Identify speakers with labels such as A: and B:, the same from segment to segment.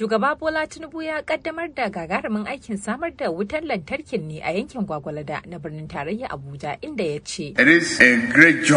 A: Shugaba Bola Tinubu ya kaddamar da gagarumin aikin samar da wutar lantarkin ne a yankin Gwagwalada na birnin tarayya Abuja inda ya ce.
B: It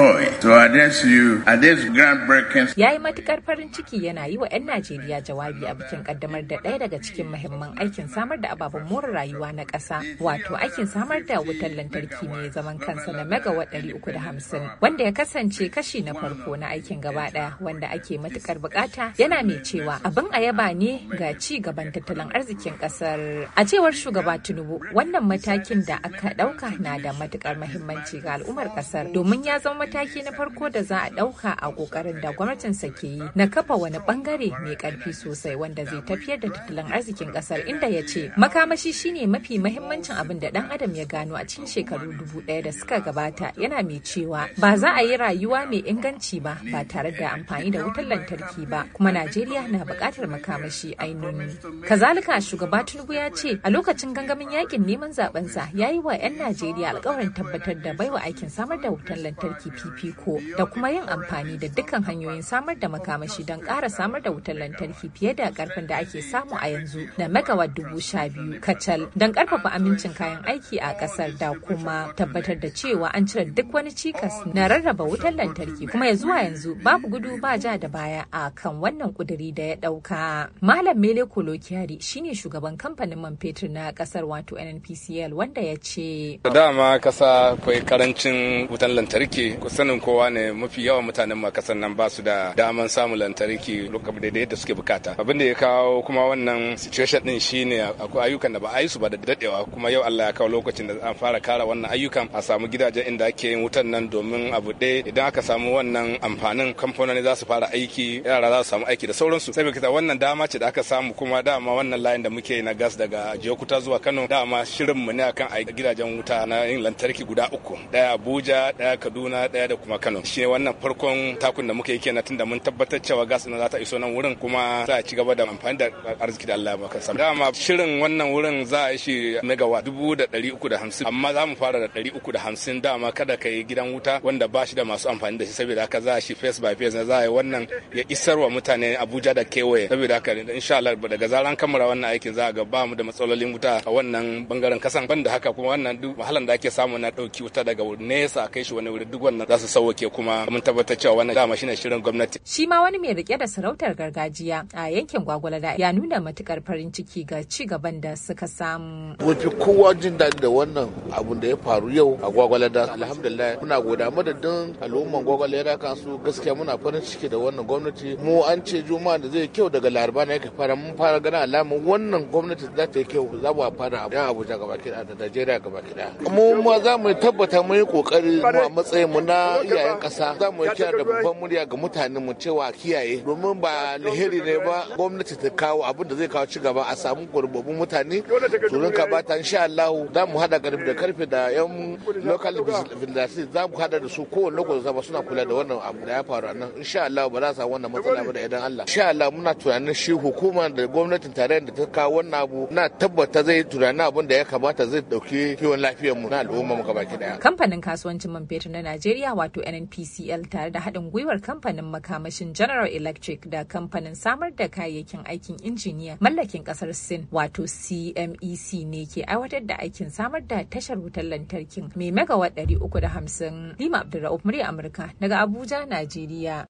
B: Ya
A: yi matukar farin ciki yana yi wa 'yan Najeriya jawabi a bikin kaddamar da ɗaya daga cikin muhimman aikin samar da ababen more rayuwa na ƙasa wato aikin samar da wutar lantarki ne zaman kansa na megawatt hamsin, wanda ya kasance kashi na farko na aikin gaba ɗaya wanda ake matukar bukata yana mai cewa abin a yaba ne ga ci gaban tattalin arzikin kasar. A cewar shugaba Tinubu, wannan matakin da aka ɗauka na da matukar mahimmanci ga al'ummar kasar domin ya zama mataki na farko da za a ɗauka a ƙoƙarin da gwamnatinsa ke yi na kafa wani bangare mai karfi sosai wanda zai tafiyar da tattalin arzikin kasar inda ya ce makamashi shine mafi mahimmancin abin da ɗan adam ya gano a cikin shekaru dubu ɗaya da suka gabata yana mai cewa ba za a yi rayuwa mai inganci ba ba tare da amfani da wutar lantarki ba kuma Najeriya na bukatar makamashi ainihi. Kazalika shugaba Tinubu ya ce a lokacin gangamin yakin neman zabensa ya yi wa 'yan Najeriya alkawarin tabbatar da baiwa aikin samar da wutar lantarki fifiko da kuma yin amfani da dukkan hanyoyin samar da makamashi don ƙara samar da wutar lantarki fiye da karfin da ake samu a yanzu na megawatt dubu sha biyu kacal don ƙarfafa amincin kayan aiki a ƙasar da kuma tabbatar da cewa an cire duk wani cikas na rarraba wutar lantarki kuma ya zuwa yanzu babu gudu ba ja da baya a kan wannan kuduri da ya ɗauka. Malam Mele Kolokiari shine shugaban kamfanin man fetur na kasar wato NNPCL wanda ya ce.
C: Da dama kasa kwai karancin wutan lantarki sanin kowa ne mafi yawan mutanen ma kasar nan ba su da daman samun lantarki lokacin da yadda suke bukata. Abin da ya kawo kuma wannan situation din shine akwai ayyukan da ba a yi su ba da dadewa kuma yau Allah ya kawo lokacin da an fara kara wannan ayyukan a samu gidajen inda ake yin wutan nan domin abu ɗaya idan aka samu wannan amfanin kamfanoni za su fara aiki yara za su samu aiki da sauransu sai wannan dama ce da aka samu kuma dama wannan layin da muke na gas daga Jokuta zuwa Kano dama shirin mu ne akan a gidajen wuta na yin lantarki guda uku daya Abuja daya Kaduna daya da kuma Kano shi wannan farkon takun da muke kenan tunda mun tabbatar cewa gas na za ta iso nan wurin kuma za a ci gaba da amfani da arziki da Allah baka sam dama shirin wannan wurin za a yi shi megawa dubu da dari uku da hamsin amma za mu fara da dari uku da hamsin dama kada ka yi gidan wuta wanda ba shi da masu amfani da shi saboda haka za a shi face by face na za a yi wannan ya isarwa mutane Abuja da kewaye saboda haka in insha Allah daga zaran wannan aikin za a ga ba mu da matsalolin wuta a wannan bangaren kasan banda haka kuma wannan duk wahalan da ake samu na dauki wuta daga nesa a kai shi wani wuri duk wannan za su sauke kuma mun tabbatar cewa wannan dama shine shirin gwamnati
A: shi ma wani mai rike da sarautar gargajiya a yankin Gwagwalada ya nuna matukar farin ciki ga ci gaban da suka samu
C: mafi kowa jin daɗi da wannan
B: abun da ya faru yau a Gwagwalada alhamdulillah muna goda madadin al'umman Gwagwalada kansu gaskiya muna farin ciki da wannan gwamnati mu an ce juma'a da zai kyau daga laraba ne fara mun fara ganin alamun wannan gwamnati za ta yi kyau za mu fara a Abuja gaba kiɗa da Najeriya gaba kiɗa. Mu ma za mu tabbata mun yi kokari mu a matsayin mu na iyayen ƙasa za mu yi kira da babban murya ga mutanen mu cewa kiyaye domin ba alheri ne ba gwamnati ta kawo abin da zai kawo ci gaba a samu gurbabun mutane su ka bata insha Allah za mu hada garbi da karfe da yan local business za mu hada da su kowane lokaci zama suna kula da wannan abu da ya faru a nan insha Allah ba za su wannan matsala ba da idan Allah insha Allah muna tunanin shi hukumar hukuma da gwamnatin tare da ta kawo wannan abu na tabbata zai tunani abin da ya kamata zai dauki kiwon lafiyar mu na al'umma mu gabaki daya
A: kamfanin kasuwancin man fetur na Najeriya wato NNPCL tare da haɗin gwiwar kamfanin makamashin General Electric da kamfanin samar da kayayyakin aikin injiniya mallakin kasar Sin wato CMEC e ne ke aiwatar da aikin samar da tashar wutar lantarkin mai megawatt 350 Lima Abdulrauf murya Amurka daga Abuja Najeriya